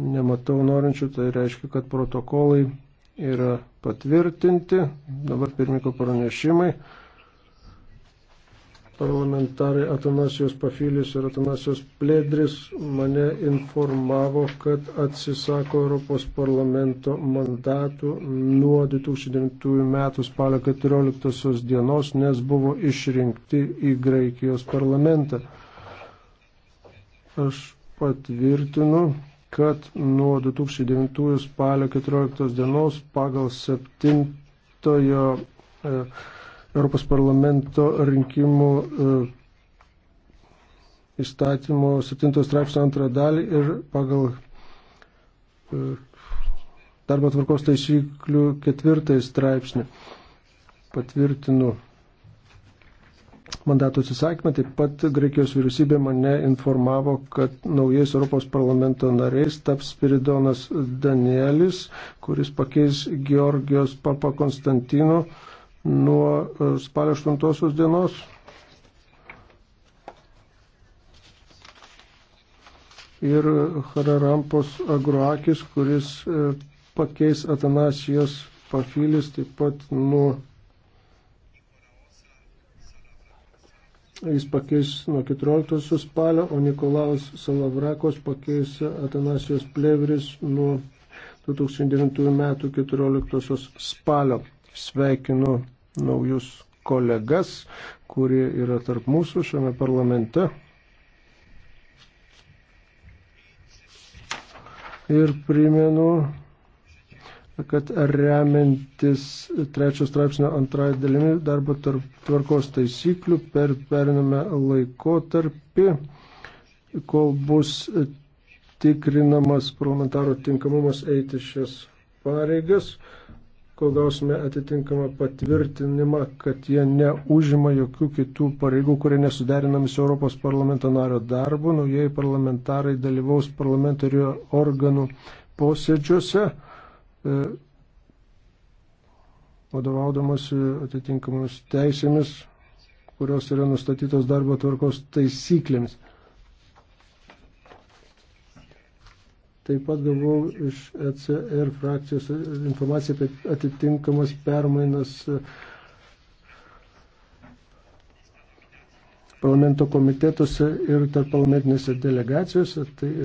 Nematau norinčių, tai reiškia, kad protokolai yra patvirtinti. Dabar pirmininko pranešimai. Parlamentarai Atanasijos Pafilis ir Atanasijos Plėdris mane informavo, kad atsisako Europos parlamento mandatų nuo 2009 metų spalio 14 dienos, nes buvo išrinkti į Graikijos parlamentą. Aš patvirtinu kad nuo 2009 spalio 14 dienos pagal 7 e, Europos parlamento rinkimų e, įstatymo 7 straipsnio antrą dalį ir pagal e, darbo tvarkos taisyklių ketvirtąjį straipsnį patvirtinu mandato atsisakymą. Taip pat Graikijos vyriausybė mane informavo, kad naujais Europos parlamento nariais taps Spiridonas Danielis, kuris pakeis Georgijos papa Konstantino nuo e, spalio 8 dienos. Ir Hararampos Agroakis, kuris e, pakeis Atanasijos Pafilis taip pat nuo jis pakeis nuo 14 spalio, o Nikolaus Salavrakos pakeis Atanasijos Plevris nuo 2009 metų 14 spalio. Sveikinu naujus kolegas, kurie yra tarp mūsų šiame parlamente. Ir primenu kad remiantis trečios straipsnio antrąją dalimi darbo tvarkos taisyklių per perinamą laikotarpį, kol bus tikrinamas parlamentaro tinkamumas eiti šias pareigas, kol gausime atitinkamą patvirtinimą, kad jie neužima jokių kitų pareigų, kurie nesuderinami su Europos parlamento nario darbu, naujieji parlamentarai dalyvaus parlamentario organų posėdžiuose E, vadovaudamas e, atitinkamus teisėmis, kurios yra nustatytos darbo tvarkos taisyklėmis. Taip pat gavau iš ECR frakcijos informaciją apie atitinkamas permainas e, parlamento komitetuose ir tarp parlamentinėse delegacijose. Tai